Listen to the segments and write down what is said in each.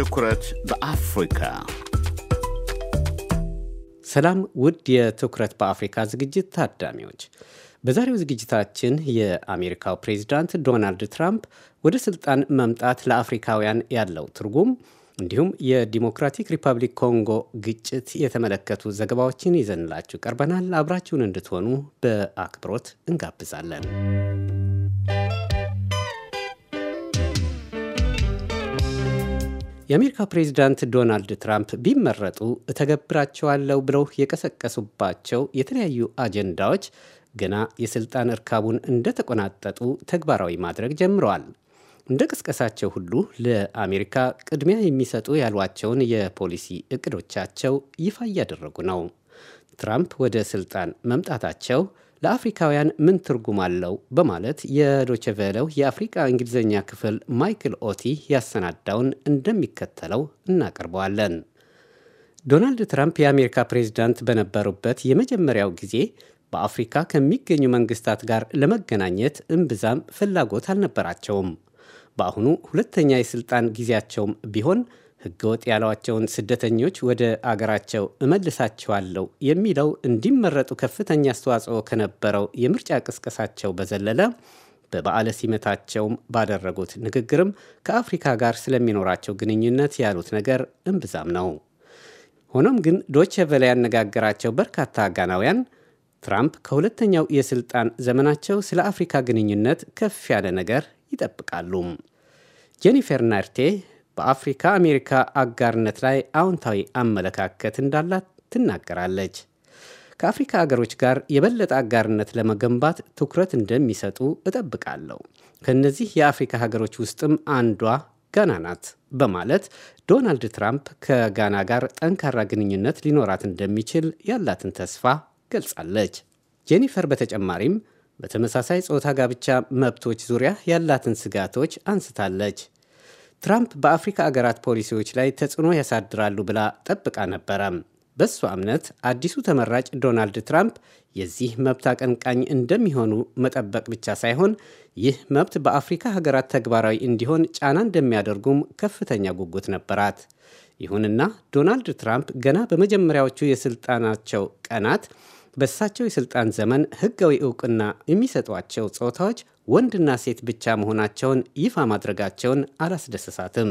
ትኩረት በአፍሪካ ሰላም ውድ የትኩረት በአፍሪካ ዝግጅት ታዳሚዎች፣ በዛሬው ዝግጅታችን የአሜሪካው ፕሬዚዳንት ዶናልድ ትራምፕ ወደ ስልጣን መምጣት ለአፍሪካውያን ያለው ትርጉም እንዲሁም የዲሞክራቲክ ሪፐብሊክ ኮንጎ ግጭት የተመለከቱ ዘገባዎችን ይዘንላችሁ ቀርበናል። አብራችሁን እንድትሆኑ በአክብሮት እንጋብዛለን። የአሜሪካ ፕሬዚዳንት ዶናልድ ትራምፕ ቢመረጡ እተገብራቸዋለሁ ብለው የቀሰቀሱባቸው የተለያዩ አጀንዳዎች ገና የስልጣን እርካቡን እንደተቆናጠጡ ተግባራዊ ማድረግ ጀምረዋል። እንደ ቅስቀሳቸው ሁሉ ለአሜሪካ ቅድሚያ የሚሰጡ ያሏቸውን የፖሊሲ እቅዶቻቸው ይፋ እያደረጉ ነው። ትራምፕ ወደ ስልጣን መምጣታቸው ለአፍሪካውያን ምን ትርጉም አለው በማለት የዶቸቬለው የአፍሪቃ እንግሊዝኛ ክፍል ማይክል ኦቲ ያሰናዳውን እንደሚከተለው እናቀርበዋለን። ዶናልድ ትራምፕ የአሜሪካ ፕሬዚዳንት በነበሩበት የመጀመሪያው ጊዜ በአፍሪካ ከሚገኙ መንግስታት ጋር ለመገናኘት እምብዛም ፍላጎት አልነበራቸውም። በአሁኑ ሁለተኛ የሥልጣን ጊዜያቸውም ቢሆን ህገወጥ ያሏቸውን ስደተኞች ወደ አገራቸው እመልሳቸዋለሁ የሚለው እንዲመረጡ ከፍተኛ አስተዋጽኦ ከነበረው የምርጫ ቅስቀሳቸው በዘለለ በበዓለ ሲመታቸውም ባደረጉት ንግግርም ከአፍሪካ ጋር ስለሚኖራቸው ግንኙነት ያሉት ነገር እምብዛም ነው። ሆኖም ግን ዶቼ ቬለ ያነጋገራቸው በርካታ ጋናውያን ትራምፕ ከሁለተኛው የስልጣን ዘመናቸው ስለ አፍሪካ ግንኙነት ከፍ ያለ ነገር ይጠብቃሉ። ጄኒፈር ናርቴ በአፍሪካ አሜሪካ አጋርነት ላይ አዎንታዊ አመለካከት እንዳላት ትናገራለች። ከአፍሪካ አገሮች ጋር የበለጠ አጋርነት ለመገንባት ትኩረት እንደሚሰጡ እጠብቃለሁ። ከእነዚህ የአፍሪካ ሀገሮች ውስጥም አንዷ ጋና ናት በማለት ዶናልድ ትራምፕ ከጋና ጋር ጠንካራ ግንኙነት ሊኖራት እንደሚችል ያላትን ተስፋ ገልጻለች። ጄኒፈር በተጨማሪም በተመሳሳይ ጾታ ጋብቻ መብቶች ዙሪያ ያላትን ስጋቶች አንስታለች። ትራምፕ በአፍሪካ አገራት ፖሊሲዎች ላይ ተጽዕኖ ያሳድራሉ ብላ ጠብቃ ነበረ። በእሷ እምነት አዲሱ ተመራጭ ዶናልድ ትራምፕ የዚህ መብት አቀንቃኝ እንደሚሆኑ መጠበቅ ብቻ ሳይሆን ይህ መብት በአፍሪካ ሀገራት ተግባራዊ እንዲሆን ጫና እንደሚያደርጉም ከፍተኛ ጉጉት ነበራት። ይሁንና ዶናልድ ትራምፕ ገና በመጀመሪያዎቹ የስልጣናቸው ቀናት በእሳቸው የሥልጣን ዘመን ሕጋዊ ዕውቅና የሚሰጧቸው ጾታዎች ወንድና ሴት ብቻ መሆናቸውን ይፋ ማድረጋቸውን አላስደሰሳትም።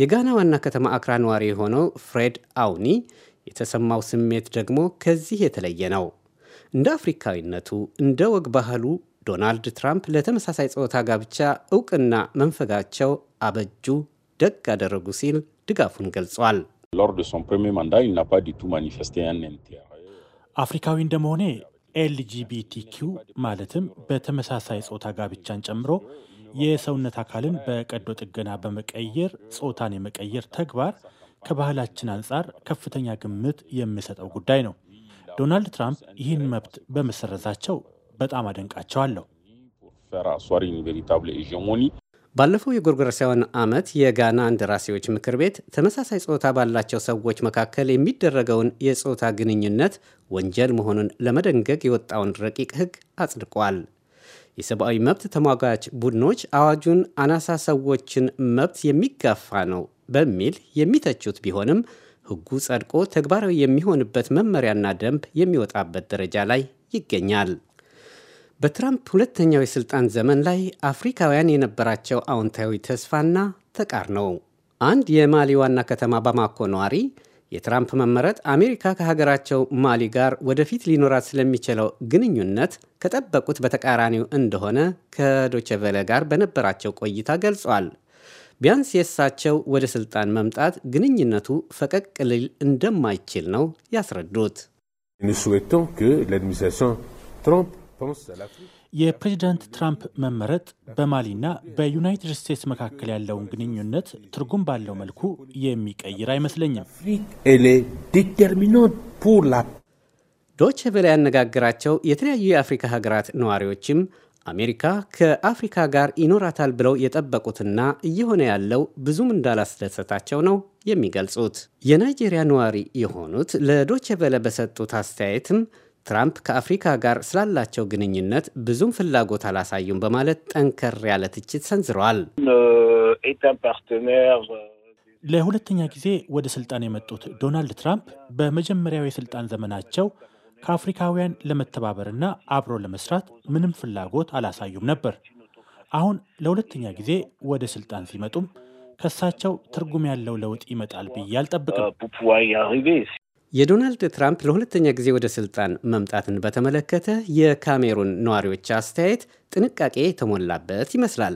የጋና ዋና ከተማ አክራ ነዋሪ የሆነው ፍሬድ አውኒ የተሰማው ስሜት ደግሞ ከዚህ የተለየ ነው። እንደ አፍሪካዊነቱ እንደ ወግ ባህሉ ዶናልድ ትራምፕ ለተመሳሳይ ጾታ ጋብቻ እውቅና መንፈጋቸው አበጁ፣ ደግ አደረጉ ሲል ድጋፉን ገልጿል። አፍሪካዊ እንደመሆኔ ኤልጂቢቲኪው ማለትም በተመሳሳይ ጾታ ጋብቻን ጨምሮ የሰውነት አካልን በቀዶ ጥገና በመቀየር ጾታን የመቀየር ተግባር ከባህላችን አንጻር ከፍተኛ ግምት የሚሰጠው ጉዳይ ነው። ዶናልድ ትራምፕ ይህን መብት በመሰረዛቸው በጣም አደንቃቸዋለሁ። ባለፈው የጎርጎረሲያውን ዓመት የጋና እንደራሴዎች ምክር ቤት ተመሳሳይ ጾታ ባላቸው ሰዎች መካከል የሚደረገውን የጾታ ግንኙነት ወንጀል መሆኑን ለመደንገግ የወጣውን ረቂቅ ሕግ አጽድቋል። የሰብአዊ መብት ተሟጋች ቡድኖች አዋጁን አናሳ ሰዎችን መብት የሚጋፋ ነው በሚል የሚተቹት ቢሆንም ሕጉ ጸድቆ ተግባራዊ የሚሆንበት መመሪያና ደንብ የሚወጣበት ደረጃ ላይ ይገኛል። በትራምፕ ሁለተኛው የሥልጣን ዘመን ላይ አፍሪካውያን የነበራቸው አዎንታዊ ተስፋና ተቃርነው። አንድ የማሊ ዋና ከተማ ባማኮ ነዋሪ የትራምፕ መመረጥ አሜሪካ ከሀገራቸው ማሊ ጋር ወደፊት ሊኖራት ስለሚችለው ግንኙነት ከጠበቁት በተቃራኒው እንደሆነ ከዶቸቨለ ጋር በነበራቸው ቆይታ ገልጿል። ቢያንስ የእሳቸው ወደ ስልጣን መምጣት ግንኙነቱ ፈቀቅ ሊል እንደማይችል ነው ያስረዱት። የፕሬዚዳንት ትራምፕ መመረጥ በማሊና በዩናይትድ ስቴትስ መካከል ያለውን ግንኙነት ትርጉም ባለው መልኩ የሚቀይር አይመስለኝም። ዶች ቬለ ያነጋገራቸው የተለያዩ የአፍሪካ ሀገራት ነዋሪዎችም አሜሪካ ከአፍሪካ ጋር ይኖራታል ብለው የጠበቁትና እየሆነ ያለው ብዙም እንዳላስደሰታቸው ነው የሚገልጹት። የናይጄሪያ ነዋሪ የሆኑት ለዶች ቬለ በሰጡት አስተያየትም ትራምፕ ከአፍሪካ ጋር ስላላቸው ግንኙነት ብዙም ፍላጎት አላሳዩም በማለት ጠንከር ያለ ትችት ሰንዝረዋል። ለሁለተኛ ጊዜ ወደ ስልጣን የመጡት ዶናልድ ትራምፕ በመጀመሪያው የስልጣን ዘመናቸው ከአፍሪካውያን ለመተባበርና አብሮ ለመስራት ምንም ፍላጎት አላሳዩም ነበር። አሁን ለሁለተኛ ጊዜ ወደ ስልጣን ሲመጡም ከሳቸው ትርጉም ያለው ለውጥ ይመጣል ብዬ አልጠብቅም። የዶናልድ ትራምፕ ለሁለተኛ ጊዜ ወደ ስልጣን መምጣትን በተመለከተ የካሜሩን ነዋሪዎች አስተያየት ጥንቃቄ የተሞላበት ይመስላል።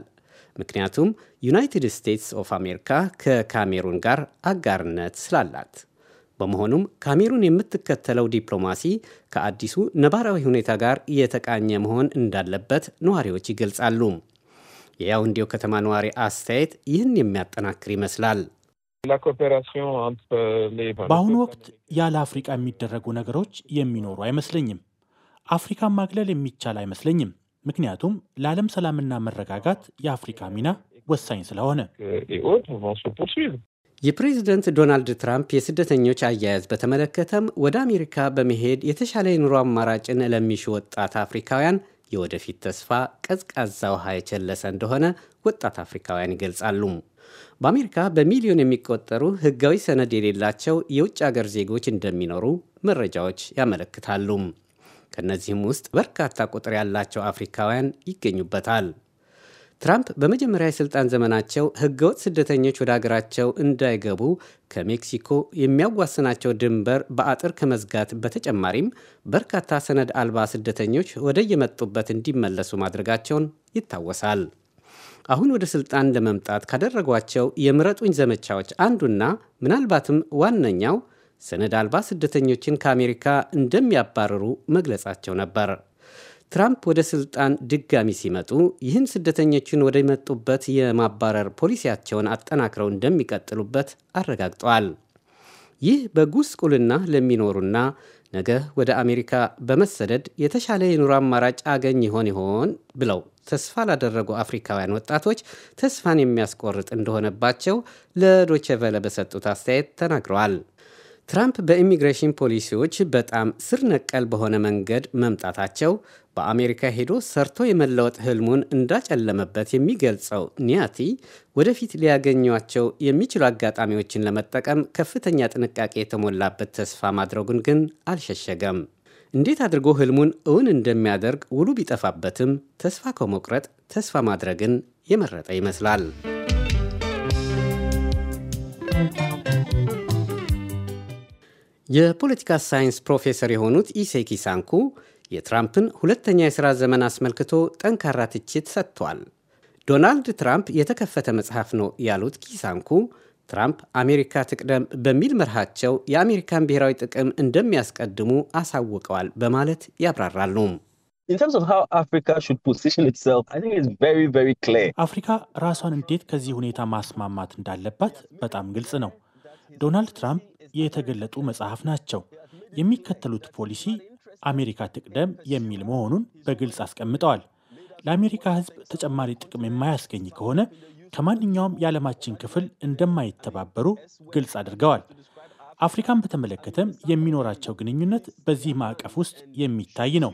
ምክንያቱም ዩናይትድ ስቴትስ ኦፍ አሜሪካ ከካሜሩን ጋር አጋርነት ስላላት። በመሆኑም ካሜሩን የምትከተለው ዲፕሎማሲ ከአዲሱ ነባራዊ ሁኔታ ጋር የተቃኘ መሆን እንዳለበት ነዋሪዎች ይገልጻሉ። የያውንዴው ከተማ ነዋሪ አስተያየት ይህን የሚያጠናክር ይመስላል። በአሁኑ ወቅት ያለ አፍሪቃ የሚደረጉ ነገሮች የሚኖሩ አይመስለኝም። አፍሪካን ማግለል የሚቻል አይመስለኝም። ምክንያቱም ለዓለም ሰላምና መረጋጋት የአፍሪካ ሚና ወሳኝ ስለሆነ። የፕሬዝደንት ዶናልድ ትራምፕ የስደተኞች አያያዝ በተመለከተም ወደ አሜሪካ በመሄድ የተሻለ የኑሮ አማራጭን ለሚሹ ወጣት አፍሪካውያን የወደፊት ተስፋ ቀዝቃዛ ውሃ የቸለሰ እንደሆነ ወጣት አፍሪካውያን ይገልጻሉ። በአሜሪካ በሚሊዮን የሚቆጠሩ ህጋዊ ሰነድ የሌላቸው የውጭ አገር ዜጎች እንደሚኖሩ መረጃዎች ያመለክታሉ። ከእነዚህም ውስጥ በርካታ ቁጥር ያላቸው አፍሪካውያን ይገኙበታል። ትራምፕ በመጀመሪያ የሥልጣን ዘመናቸው ህገወጥ ስደተኞች ወደ አገራቸው እንዳይገቡ ከሜክሲኮ የሚያዋስናቸው ድንበር በአጥር ከመዝጋት በተጨማሪም በርካታ ሰነድ አልባ ስደተኞች ወደ የመጡበት እንዲመለሱ ማድረጋቸውን ይታወሳል። አሁን ወደ ስልጣን ለመምጣት ካደረጓቸው የምረጡኝ ዘመቻዎች አንዱና ምናልባትም ዋነኛው ሰነድ አልባ ስደተኞችን ከአሜሪካ እንደሚያባረሩ መግለጻቸው ነበር። ትራምፕ ወደ ስልጣን ድጋሚ ሲመጡ ይህን ስደተኞችን ወደ መጡበት የማባረር ፖሊሲያቸውን አጠናክረው እንደሚቀጥሉበት አረጋግጠዋል። ይህ በጉስቁልና ለሚኖሩና ነገ ወደ አሜሪካ በመሰደድ የተሻለ የኑሮ አማራጭ አገኝ ይሆን ይሆን ብለው ተስፋ ላደረጉ አፍሪካውያን ወጣቶች ተስፋን የሚያስቆርጥ እንደሆነባቸው ለዶቼ በሰጡት አስተያየት ተናግረዋል። ትራምፕ በኢሚግሬሽን ፖሊሲዎች በጣም ስር ነቀል በሆነ መንገድ መምጣታቸው በአሜሪካ ሄዶ ሰርቶ የመለወጥ ህልሙን እንዳጨለመበት የሚገልጸው ኒያቲ ወደፊት ሊያገኟቸው የሚችሉ አጋጣሚዎችን ለመጠቀም ከፍተኛ ጥንቃቄ የተሞላበት ተስፋ ማድረጉን ግን አልሸሸገም። እንዴት አድርጎ ህልሙን እውን እንደሚያደርግ ውሉ ቢጠፋበትም ተስፋ ከመቁረጥ ተስፋ ማድረግን የመረጠ ይመስላል። የፖለቲካ ሳይንስ ፕሮፌሰር የሆኑት ኢሴኪ ሳንኩ የትራምፕን ሁለተኛ የሥራ ዘመን አስመልክቶ ጠንካራ ትችት ሰጥቷል። ዶናልድ ትራምፕ የተከፈተ መጽሐፍ ነው ያሉት ኪሳንኩ ትራምፕ አሜሪካ ትቅደም በሚል መርሃቸው የአሜሪካን ብሔራዊ ጥቅም እንደሚያስቀድሙ አሳውቀዋል በማለት ያብራራሉ። አፍሪካ ራሷን እንዴት ከዚህ ሁኔታ ማስማማት እንዳለባት በጣም ግልጽ ነው። ዶናልድ ትራምፕ የተገለጡ መጽሐፍ ናቸው። የሚከተሉት ፖሊሲ አሜሪካ ትቅደም የሚል መሆኑን በግልጽ አስቀምጠዋል። ለአሜሪካ ሕዝብ ተጨማሪ ጥቅም የማያስገኝ ከሆነ ከማንኛውም የዓለማችን ክፍል እንደማይተባበሩ ግልጽ አድርገዋል። አፍሪካን በተመለከተም የሚኖራቸው ግንኙነት በዚህ ማዕቀፍ ውስጥ የሚታይ ነው።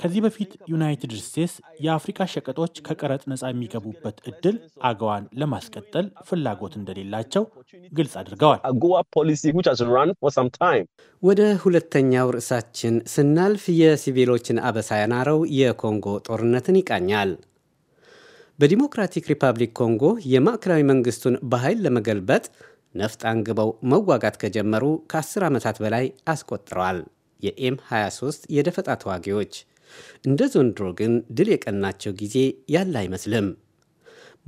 ከዚህ በፊት ዩናይትድ ስቴትስ የአፍሪካ ሸቀጦች ከቀረጥ ነፃ የሚገቡበት እድል አገዋን ለማስቀጠል ፍላጎት እንደሌላቸው ግልጽ አድርገዋል። ወደ ሁለተኛው ርዕሳችን ስናልፍ የሲቪሎችን አበሳ ያናረው የኮንጎ ጦርነትን ይቃኛል። በዲሞክራቲክ ሪፐብሊክ ኮንጎ የማዕከላዊ መንግስቱን በኃይል ለመገልበጥ ነፍጥ አንግበው መዋጋት ከጀመሩ ከ10 ዓመታት በላይ አስቆጥረዋል። የኤም 23 የደፈጣ ተዋጊዎች እንደ ዘንድሮ ግን ድል የቀናቸው ጊዜ ያለ አይመስልም።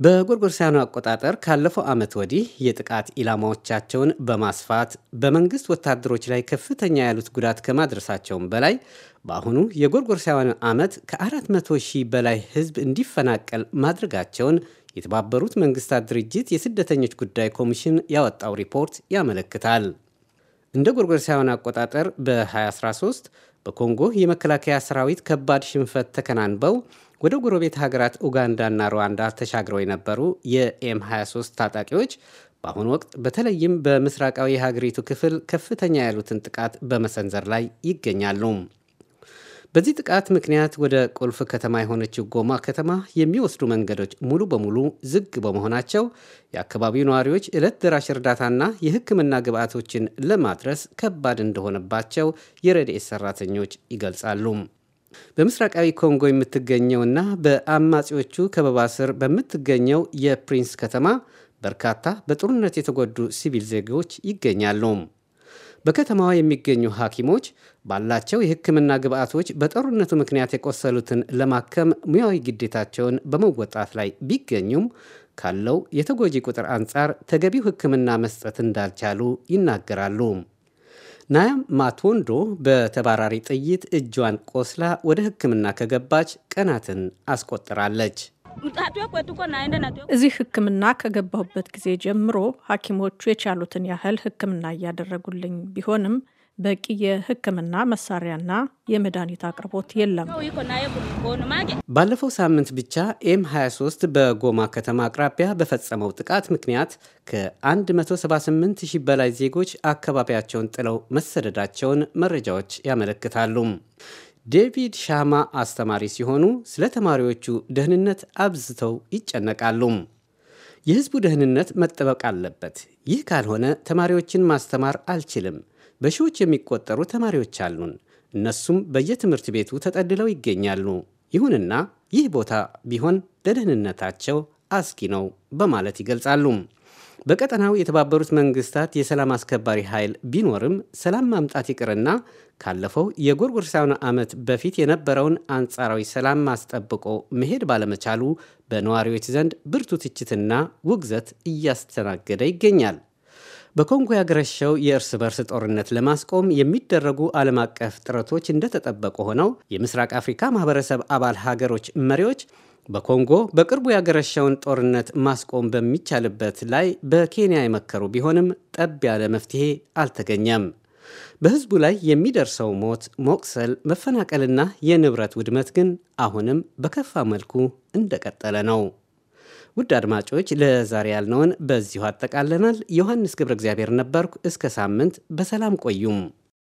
በጎርጎርሳያኑ አቆጣጠር ካለፈው ዓመት ወዲህ የጥቃት ኢላማዎቻቸውን በማስፋት በመንግሥት ወታደሮች ላይ ከፍተኛ ያሉት ጉዳት ከማድረሳቸውም በላይ በአሁኑ የጎርጎርሳያኑ ዓመት ከ400 ሺህ በላይ ሕዝብ እንዲፈናቀል ማድረጋቸውን የተባበሩት መንግሥታት ድርጅት የስደተኞች ጉዳይ ኮሚሽን ያወጣው ሪፖርት ያመለክታል። እንደ ጎርጎርሳያኑ አቆጣጠር በ2013 በኮንጎ የመከላከያ ሰራዊት ከባድ ሽንፈት ተከናንበው ወደ ጎረቤት ሀገራት ኡጋንዳና ሩዋንዳ ተሻግረው የነበሩ የኤም 23 ታጣቂዎች በአሁኑ ወቅት በተለይም በምስራቃዊ የሀገሪቱ ክፍል ከፍተኛ ያሉትን ጥቃት በመሰንዘር ላይ ይገኛሉ። በዚህ ጥቃት ምክንያት ወደ ቁልፍ ከተማ የሆነችው ጎማ ከተማ የሚወስዱ መንገዶች ሙሉ በሙሉ ዝግ በመሆናቸው የአካባቢው ነዋሪዎች ዕለት ደራሽ እርዳታና የሕክምና ግብዓቶችን ለማድረስ ከባድ እንደሆነባቸው የረድኤት ሰራተኞች ይገልጻሉ። በምስራቃዊ ኮንጎ የምትገኘውና በአማጺዎቹ ከበባ ስር በምትገኘው የፕሪንስ ከተማ በርካታ በጦርነት የተጎዱ ሲቪል ዜጎች ይገኛሉ። በከተማዋ የሚገኙ ሐኪሞች ባላቸው የሕክምና ግብዓቶች በጦርነቱ ምክንያት የቆሰሉትን ለማከም ሙያዊ ግዴታቸውን በመወጣት ላይ ቢገኙም ካለው የተጎጂ ቁጥር አንጻር ተገቢው ሕክምና መስጠት እንዳልቻሉ ይናገራሉ። ናያም ማትወንዶ በተባራሪ ጥይት እጇን ቆስላ ወደ ሕክምና ከገባች ቀናትን አስቆጥራለች። እዚህ ህክምና ከገባሁበት ጊዜ ጀምሮ ሐኪሞቹ የቻሉትን ያህል ህክምና እያደረጉልኝ ቢሆንም በቂ የሕክምና መሳሪያና የመድኃኒት አቅርቦት የለም። ባለፈው ሳምንት ብቻ ኤም 23 በጎማ ከተማ አቅራቢያ በፈጸመው ጥቃት ምክንያት ከ178 ሺህ በላይ ዜጎች አካባቢያቸውን ጥለው መሰደዳቸውን መረጃዎች ያመለክታሉ። ዴቪድ ሻማ አስተማሪ ሲሆኑ ስለ ተማሪዎቹ ደህንነት አብዝተው ይጨነቃሉ። የህዝቡ ደህንነት መጠበቅ አለበት። ይህ ካልሆነ ተማሪዎችን ማስተማር አልችልም በሺዎች የሚቆጠሩ ተማሪዎች አሉን። እነሱም በየትምህርት ቤቱ ተጠልለው ይገኛሉ። ይሁንና ይህ ቦታ ቢሆን ለደህንነታቸው አስጊ ነው በማለት ይገልጻሉ። በቀጠናው የተባበሩት መንግስታት የሰላም አስከባሪ ኃይል ቢኖርም ሰላም ማምጣት ይቅርና ካለፈው የጎርጎርሳውን ዓመት በፊት የነበረውን አንጻራዊ ሰላም ማስጠብቆ መሄድ ባለመቻሉ በነዋሪዎች ዘንድ ብርቱ ትችትና ውግዘት እያስተናገደ ይገኛል። በኮንጎ ያገረሸው የእርስ በርስ ጦርነት ለማስቆም የሚደረጉ ዓለም አቀፍ ጥረቶች እንደተጠበቁ ሆነው የምስራቅ አፍሪካ ማህበረሰብ አባል ሀገሮች መሪዎች በኮንጎ በቅርቡ ያገረሸውን ጦርነት ማስቆም በሚቻልበት ላይ በኬንያ የመከሩ ቢሆንም ጠብ ያለ መፍትሄ አልተገኘም። በህዝቡ ላይ የሚደርሰው ሞት፣ መቁሰል፣ መፈናቀልና የንብረት ውድመት ግን አሁንም በከፋ መልኩ እንደቀጠለ ነው። ውድ አድማጮች ለዛሬ ያልነውን በዚሁ አጠቃለናል። ዮሐንስ ገብረ እግዚአብሔር ነበርኩ። እስከ ሳምንት በሰላም ቆዩም።